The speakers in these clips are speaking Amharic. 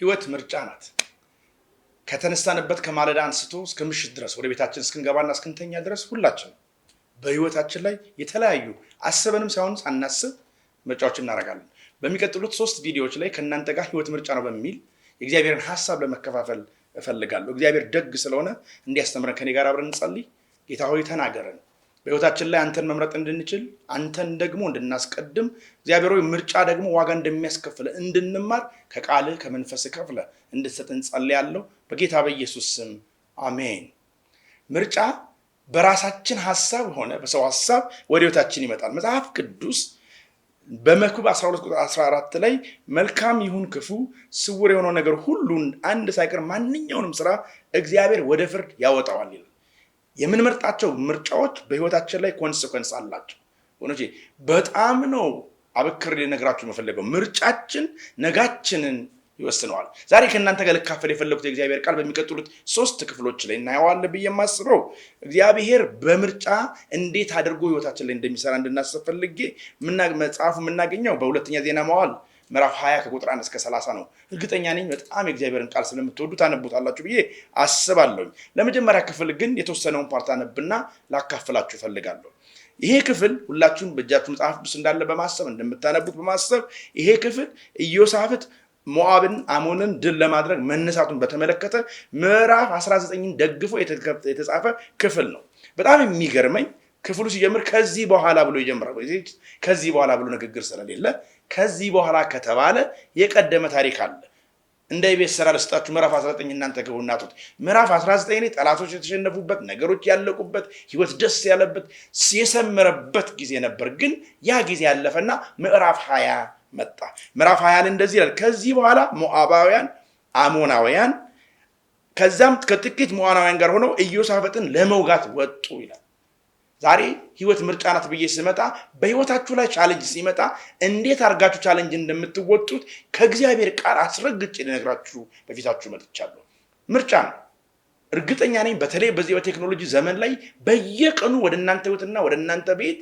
ህይወት ምርጫ ናት። ከተነሳንበት ከማለዳ አንስቶ እስከ ምሽት ድረስ ወደ ቤታችን እስክንገባና እስክንተኛ ድረስ ሁላችን በህይወታችን ላይ የተለያዩ አስበንም ሳይሆን ሳናስብ ምርጫዎች እናደርጋለን። በሚቀጥሉት ሶስት ቪዲዮዎች ላይ ከእናንተ ጋር ህይወት ምርጫ ነው በሚል የእግዚአብሔርን ሀሳብ ለመከፋፈል እፈልጋለሁ። እግዚአብሔር ደግ ስለሆነ እንዲያስተምረን ከኔ ጋር አብረን እንጸልይ። ጌታ ሆይ ተናገረን። በህይወታችን ላይ አንተን መምረጥ እንድንችል አንተን ደግሞ እንድናስቀድም እግዚአብሔር ሆይ ምርጫ ደግሞ ዋጋ እንደሚያስከፍለ እንድንማር ከቃልህ ከመንፈስ ከፍለ እንድትሰጥን ጸልያለሁ በጌታ በኢየሱስ ስም አሜን። ምርጫ በራሳችን ሀሳብ ሆነ በሰው ሀሳብ ወደ ህይወታችን ይመጣል። መጽሐፍ ቅዱስ በመክብብ 12 ቁጥር 14 ላይ መልካም ይሁን ክፉ፣ ስውር የሆነው ነገር ሁሉን አንድ ሳይቀር ማንኛውንም ስራ እግዚአብሔር ወደ ፍርድ ያወጣዋል ይላል። የምንመርጣቸው ምርጫዎች በህይወታችን ላይ ኮንስኮንስ አላቸው። ወኖቼ በጣም ነው አበክር ነግራችሁ የምፈልገው ምርጫችን ነጋችንን ይወስነዋል። ዛሬ ከእናንተ ጋር ልካፈል የፈለጉት የእግዚአብሔር ቃል በሚቀጥሉት ሶስት ክፍሎች ላይ እናየዋለን ብዬ የማስበው እግዚአብሔር በምርጫ እንዴት አድርጎ ህይወታችን ላይ እንደሚሰራ እንድናስብ ፈልጌ መጽሐፉ የምናገኘው በሁለተኛ ዜና መዋዕል ምዕራፍ 20 ከቁጥር 1 እስከ 30 ነው። እርግጠኛ ነኝ በጣም የእግዚአብሔርን ቃል ስለምትወዱ ታነቡታላችሁ ብዬ አስባለሁኝ። ለመጀመሪያ ክፍል ግን የተወሰነውን ፓርት አነብና ላካፍላችሁ እፈልጋለሁ። ይሄ ክፍል ሁላችሁም በእጃችሁ መጽሐፍ ቅዱስ እንዳለ በማሰብ እንደምታነቡት በማሰብ ይሄ ክፍል ኢዮሳፍጥ ሞዓብን አሞንን ድል ለማድረግ መነሳቱን በተመለከተ ምዕራፍ 19ን ደግፎ የተጻፈ ክፍል ነው። በጣም የሚገርመኝ ክፍሉ ሲጀምር ከዚህ በኋላ ብሎ ይጀምራል። ከዚህ በኋላ ብሎ ንግግር ስለሌለ ከዚህ በኋላ ከተባለ የቀደመ ታሪክ አለ። እንደ ኢቢኤስ ስራ ልስጣችሁ። ምዕራፍ 19 እናንተ ግቡ እናቶች። ምዕራፍ 19 ላይ ጠላቶች የተሸነፉበት፣ ነገሮች ያለቁበት፣ ህይወት ደስ ያለበት የሰመረበት ጊዜ ነበር። ግን ያ ጊዜ ያለፈና ምዕራፍ 20 መጣ። ምዕራፍ 20 ላይ እንደዚህ ይላል። ከዚህ በኋላ ሞዓባውያን፣ አሞናውያን ከዛም ከጥቂት ሞዓናውያን ጋር ሆነው ኢዮሳፈጥን ለመውጋት ወጡ ይላል። ዛሬ ህይወት ምርጫ ናት ብዬ ስመጣ በህይወታችሁ ላይ ቻለንጅ ሲመጣ እንዴት አድርጋችሁ ቻለንጅ እንደምትወጡት ከእግዚአብሔር ቃል አስረግጬ ልነግራችሁ በፊታችሁ መጥቻለሁ። ምርጫ ነው። እርግጠኛ ነኝ በተለይ በዚህ በቴክኖሎጂ ዘመን ላይ በየቀኑ ወደ እናንተ ህይወትና ወደ እናንተ ቤት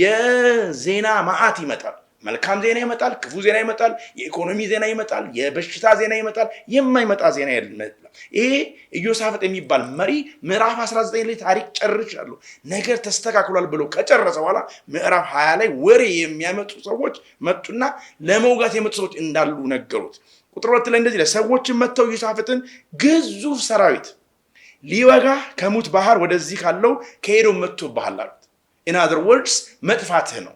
የዜና መዓት ይመጣል። መልካም ዜና ይመጣል፣ ክፉ ዜና ይመጣል፣ የኢኮኖሚ ዜና ይመጣል፣ የበሽታ ዜና ይመጣል። የማይመጣ ዜና ይሄ ኢዮሳፍጥ የሚባል መሪ ምዕራፍ 19 ላይ ታሪክ ጨርሻለሁ ነገር ተስተካክሏል ብሎ ከጨረሰ በኋላ ምዕራፍ 20 ላይ ወሬ የሚያመጡ ሰዎች መጡና ለመውጋት የመጡ ሰዎች እንዳሉ ነገሩት። ቁጥር ሁለት ላይ እንደዚህ ሰዎችን መጥተው ኢዮሳፍጥን ግዙፍ ሰራዊት ሊወጋ ከሙት ባህር ወደዚህ ካለው ከሄዶ መጥቶ ባህል አሉት። ኢን አዘር ወርድስ መጥፋትህ ነው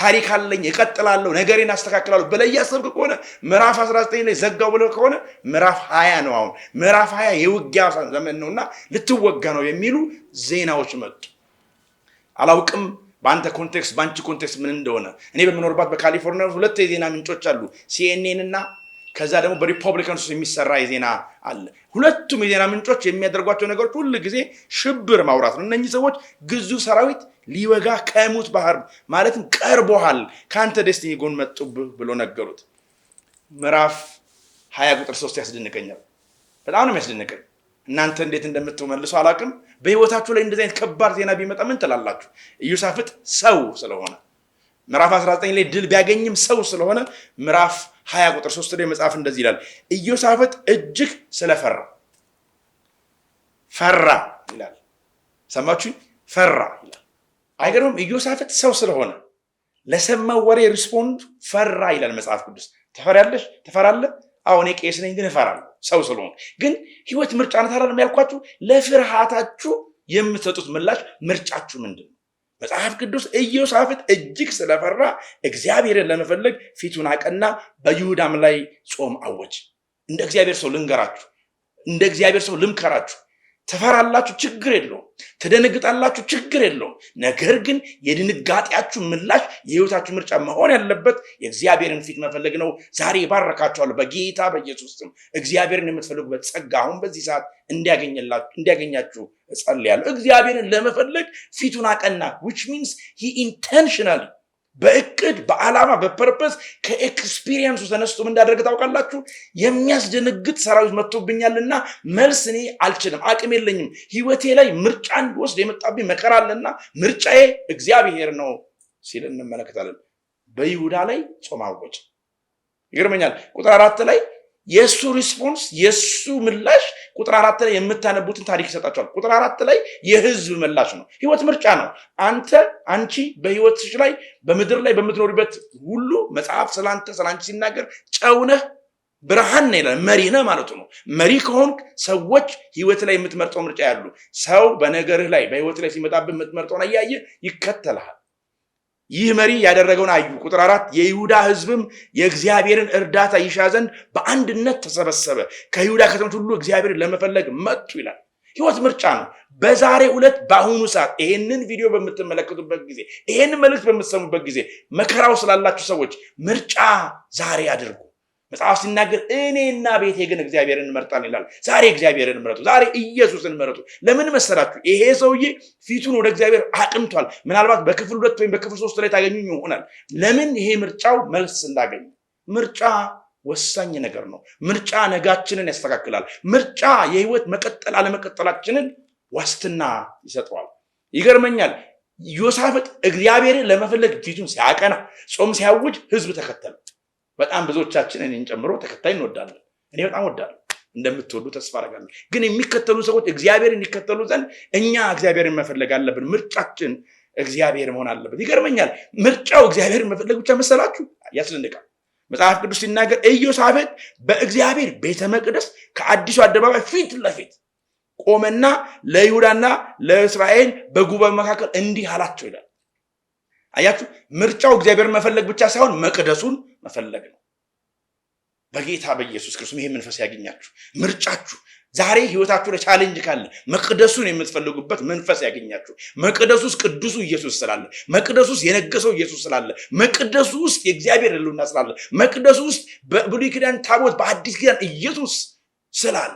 ታሪክ አለኝ፣ እቀጥላለሁ፣ ነገሬን አስተካክላለሁ ብለህ እያሰብክ ከሆነ ምዕራፍ 19 ላይ ዘጋው ብለ ከሆነ ምዕራፍ 20 ነው። አሁን ምዕራፍ 20 የውጊያ ዘመን ነውና ልትወጋ ነው የሚሉ ዜናዎች መጡ። አላውቅም በአንተ ኮንቴክስት፣ በአንቺ ኮንቴክስት ምን እንደሆነ። እኔ በምኖርባት በካሊፎርኒያ ሁለት የዜና ምንጮች አሉ፣ ሲኤንኤን እና ከዛ ደግሞ በሪፐብሊካን ውስጥ የሚሰራ የዜና አለ። ሁለቱም የዜና ምንጮች የሚያደርጓቸው ነገሮች ሁል ጊዜ ሽብር ማውራት ነው። እነህ ሰዎች ግዙ ሰራዊት ሊወጋ ከሙት ባህር ማለትም ቀርቦሃል፣ ከአንተ ደስቲ ጎን መጡብህ ብሎ ነገሩት። ምዕራፍ ሀያ ቁጥር ሶስት ያስደንቀኛል። በጣም ነው የሚያስደንቀኝ። እናንተ እንዴት እንደምትመልሱ አላውቅም። በህይወታችሁ ላይ እንደዚህ አይነት ከባድ ዜና ቢመጣ ምን ትላላችሁ? እዩሳፍጥ ሰው ስለሆነ ምዕራፍ 19 ላይ ድል ቢያገኝም ሰው ስለሆነ ምዕራፍ ሀያ ቁጥር ሶስት ላይ መጽሐፍ እንደዚህ ይላል፣ ኢዮሳፍጥ እጅግ ስለፈራ ፈራ ይላል። ሰማችሁኝ ፈራ ይላል። አይገርምም? ኢዮሳፍጥ ሰው ስለሆነ ለሰማው ወሬ ሪስፖንድ ፈራ ይላል መጽሐፍ ቅዱስ። ትፈሪያለሽ? ትፈራለህ? አዎ፣ እኔ ቄስ ነኝ፣ ግን እፈራለሁ ሰው ስለሆነ። ግን ህይወት ምርጫ ናት። ያልኳችሁ ለፍርሃታችሁ የምትሰጡት ምላሽ ምርጫችሁ ምንድን ነው? መጽሐፍ ቅዱስ ኢዮሳፍት እጅግ ስለፈራ እግዚአብሔርን ለመፈለግ ፊቱን አቀና፣ በይሁዳም ላይ ጾም አወጅ። እንደ እግዚአብሔር ሰው ልንገራችሁ፣ እንደ እግዚአብሔር ሰው ልምከራችሁ። ትፈራላችሁ፣ ችግር የለውም። ትደነግጣላችሁ፣ ችግር የለውም። ነገር ግን የድንጋጤያችሁ ምላሽ የህይወታችሁ ምርጫ መሆን ያለበት የእግዚአብሔርን ፊት መፈለግ ነው። ዛሬ ይባረካችኋለሁ በጌታ በኢየሱስ ስም። እግዚአብሔርን የምትፈልጉበት ጸጋ አሁን በዚህ ሰዓት እንዲያገኛችሁ እጸልያለሁ። እግዚአብሔርን ለመፈለግ ፊቱን አቀና፣ ዊች ሚንስ ሂ ኢንቴንሽናል በእቅድ በዓላማ በፐርፐስ ከኤክስፒሪየንሱ ተነስቶ ምን እንዳደረገ ታውቃላችሁ? የሚያስደነግጥ ሰራዊት መጥቶብኛልና መልስ እኔ አልችልም፣ አቅም የለኝም። ህይወቴ ላይ ምርጫ እንዲወስድ የመጣብኝ መከራ አለና ምርጫዬ እግዚአብሔር ነው ሲል እንመለከታለን። በይሁዳ ላይ ጾም አወጀ። ይገርመኛል። ቁጥር አራት ላይ የእሱ ሪስፖንስ የእሱ ምላሽ ቁጥር አራት ላይ የምታነቡትን ታሪክ ይሰጣቸዋል። ቁጥር አራት ላይ የህዝብ ምላሽ ነው። ህይወት ምርጫ ነው። አንተ አንቺ በህይወትሽ ላይ በምድር ላይ በምትኖሪበት ሁሉ መጽሐፍ ስላንተ ስለአንቺ ሲናገር ጨውነህ ብርሃን ነው ይላል። መሪ ነህ ማለቱ ነው። መሪ ከሆንክ ሰዎች ህይወት ላይ የምትመርጠው ምርጫ ያሉ ሰው በነገርህ ላይ በህይወት ላይ ሲመጣብህ የምትመርጠውን እያየ ይከተልሃል። ይህ መሪ ያደረገውን አዩ። ቁጥር አራት የይሁዳ ህዝብም የእግዚአብሔርን እርዳታ ይሻ ዘንድ በአንድነት ተሰበሰበ፣ ከይሁዳ ከተሞች ሁሉ እግዚአብሔርን ለመፈለግ መጡ ይላል። ህይወት ምርጫ ነው። በዛሬ ዕለት በአሁኑ ሰዓት ይሄንን ቪዲዮ በምትመለከቱበት ጊዜ፣ ይሄንን መልእክት በምትሰሙበት ጊዜ መከራው ስላላችሁ ሰዎች ምርጫ ዛሬ አድርጉ። መጽሐፍ ሲናገር እኔና ቤቴ ግን እግዚአብሔርን እንመርጣለን ይላል። ዛሬ እግዚአብሔርን ምረቱ ዛሬ ኢየሱስን ምረቱ ለምን መሰላችሁ? ይሄ ሰውዬ ፊቱን ወደ እግዚአብሔር አቅንቷል። ምናልባት በክፍል ሁለት ወይም በክፍል ሶስት ላይ ታገኙ ይሆናል። ለምን ይሄ ምርጫው መልስ እንዳገኝ ምርጫ ወሳኝ ነገር ነው። ምርጫ ነጋችንን ያስተካክላል። ምርጫ የህይወት መቀጠል አለመቀጠላችንን ዋስትና ይሰጠዋል። ይገርመኛል ዮሳፍጥ እግዚአብሔርን ለመፈለግ ፊቱን ሲያቀና ጾም ሲያውጅ ህዝብ ተከተለ። በጣም ብዙዎቻችን እኔን ጨምሮ ተከታይ እንወዳለን። እኔ በጣም ወዳለሁ፣ እንደምትወዱ ተስፋ አደርጋለሁ። ግን የሚከተሉ ሰዎች እግዚአብሔርን ይከተሉ ዘንድ እኛ እግዚአብሔርን መፈለግ አለብን። ምርጫችን እግዚአብሔር መሆን አለበት። ይገርመኛል። ምርጫው እግዚአብሔርን መፈለግ ብቻ መሰላችሁ? ያስደንቃል። መጽሐፍ ቅዱስ ሲናገር ኢዮሳፍጥ በእግዚአብሔር ቤተ መቅደስ ከአዲሱ አደባባይ ፊት ለፊት ቆመና ለይሁዳና ለእስራኤል በጉባኤ መካከል እንዲህ አላቸው ይላል አያችሁ፣ ምርጫው እግዚአብሔር መፈለግ ብቻ ሳይሆን መቅደሱን መፈለግ ነው። በጌታ በኢየሱስ ክርስቶስ ይሄ መንፈስ ያገኛችሁ። ምርጫችሁ ዛሬ ህይወታችሁ ላይ ቻሌንጅ ካለ መቅደሱን የምትፈልጉበት መንፈስ ያገኛችሁ። መቅደሱ ውስጥ ቅዱሱ ኢየሱስ ስላለ፣ መቅደሱ ውስጥ የነገሰው ኢየሱስ ስላለ፣ መቅደሱ ውስጥ የእግዚአብሔር ህልውና ስላለ፣ መቅደሱ ውስጥ በብሉይ ኪዳን ታቦት በአዲስ ኪዳን ኢየሱስ ስላለ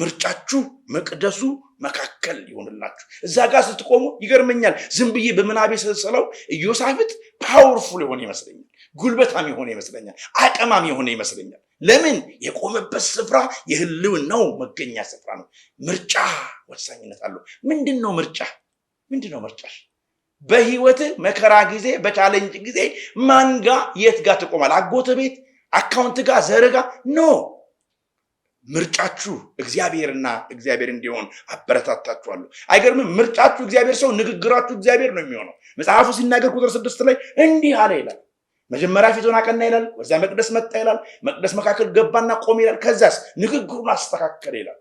ምርጫችሁ መቅደሱ መካከል ይሆንላችሁ። እዛ ጋር ስትቆሙ ይገርመኛል። ዝም ብዬ በምናቤ ስለሰለው ኢዮሳፍጥ ፓወርፉል የሆነ ይመስለኛል፣ ጉልበታም የሆነ ይመስለኛል፣ አቀማም የሆነ ይመስለኛል። ለምን የቆመበት ስፍራ የህልውናው መገኛ ስፍራ ነው። ምርጫ ወሳኝነት አለው። ምንድን ነው ምርጫ? ምንድን ነው ምርጫ በህይወት መከራ ጊዜ በቻለንጅ ጊዜ ማንጋ የት ጋር ትቆማል? አጎተ ቤት፣ አካውንት ጋር፣ ዘር ጋር? ኖ ምርጫችሁ እግዚአብሔርና እግዚአብሔር እንዲሆን አበረታታችኋለሁ። አይገርምም? ምርጫችሁ እግዚአብሔር ሰው ንግግራችሁ እግዚአብሔር ነው የሚሆነው። መጽሐፉ ሲናገር ቁጥር ስድስት ላይ እንዲህ አለ ይላል። መጀመሪያ ፊቱን አቀና ይላል፣ ወዚያ መቅደስ መጣ ይላል፣ መቅደስ መካከል ገባና ቆም ይላል። ከዚያስ ንግግሩን አስተካከል ይላል።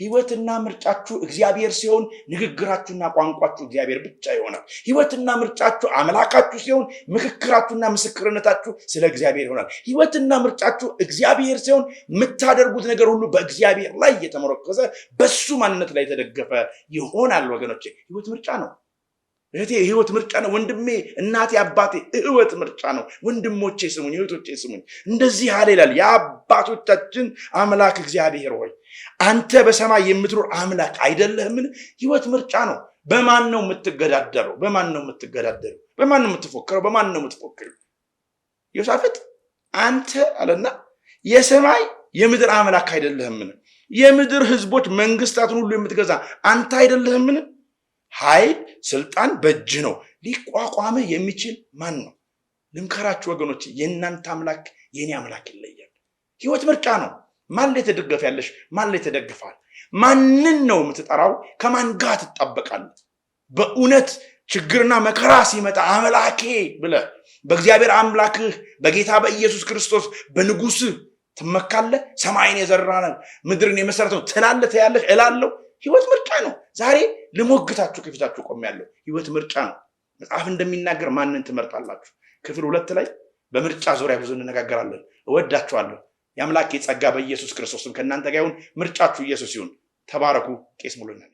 ህይወትና ምርጫችሁ እግዚአብሔር ሲሆን ንግግራችሁና ቋንቋችሁ እግዚአብሔር ብቻ ይሆናል። ህይወትና ምርጫችሁ አምላካችሁ ሲሆን ምክክራችሁና ምስክርነታችሁ ስለ እግዚአብሔር ይሆናል። ህይወትና ምርጫችሁ እግዚአብሔር ሲሆን የምታደርጉት ነገር ሁሉ በእግዚአብሔር ላይ እየተመረኮዘ በሱ ማንነት ላይ የተደገፈ ይሆናል። ወገኖች ህይወት ምርጫ ነው። እህቴ የህይወት ምርጫ ነው። ወንድሜ፣ እናቴ፣ አባቴ ህይወት ምርጫ ነው። ወንድሞቼ ስሙኝ፣ እህቶቼ ስሙኝ። እንደዚህ ያለ ይላል የአባቶቻችን አምላክ እግዚአብሔር ሆይ አንተ በሰማይ የምትኖር አምላክ አይደለህምን? ህይወት ምርጫ ነው። በማን ነው የምትገዳደረው? በማን ነው የምትገዳደረው? በማን ነው የምትፎክረው? በማን ነው የምትፎክረው? ዮሳፍጥ አንተ አለና የሰማይ የምድር አምላክ አይደለህምን? የምድር ህዝቦች መንግስታትን ሁሉ የምትገዛ አንተ አይደለህምን? ኃይል፣ ስልጣን በእጅ ነው። ሊቋቋመ የሚችል ማን ነው? ልምከራችሁ ወገኖች፣ የእናንተ አምላክ የእኔ አምላክ ይለያል። ህይወት ምርጫ ነው። ማን ላይ ተደገፍ ያለሽ? ማን ላይ ተደግፋል? ማንን ነው የምትጠራው? ከማን ጋር ትጣበቃል? በእውነት ችግርና መከራ ሲመጣ አምላኬ ብለህ በእግዚአብሔር አምላክህ በጌታ በኢየሱስ ክርስቶስ በንጉስህ ትመካለህ። ሰማይን የዘራ ነው ምድርን የመሰረት ነው ትላለህ። እላለሁ ህይወት ምርጫ ነው። ዛሬ ልሞግታችሁ ከፊታችሁ ያለው ህይወት ምርጫ ነው። መጽሐፍ እንደሚናገር ማንን ትመርጣላችሁ? ክፍል ሁለት ላይ በምርጫ ዙሪያ ብዙ እንነጋገራለን። እወዳችኋለሁ። የአምላክ የጸጋ በኢየሱስ ክርስቶስም ከእናንተ ጋር ይሁን። ምርጫችሁ ኢየሱስ ይሁን። ተባረኩ። ቄስ ሙሉነህ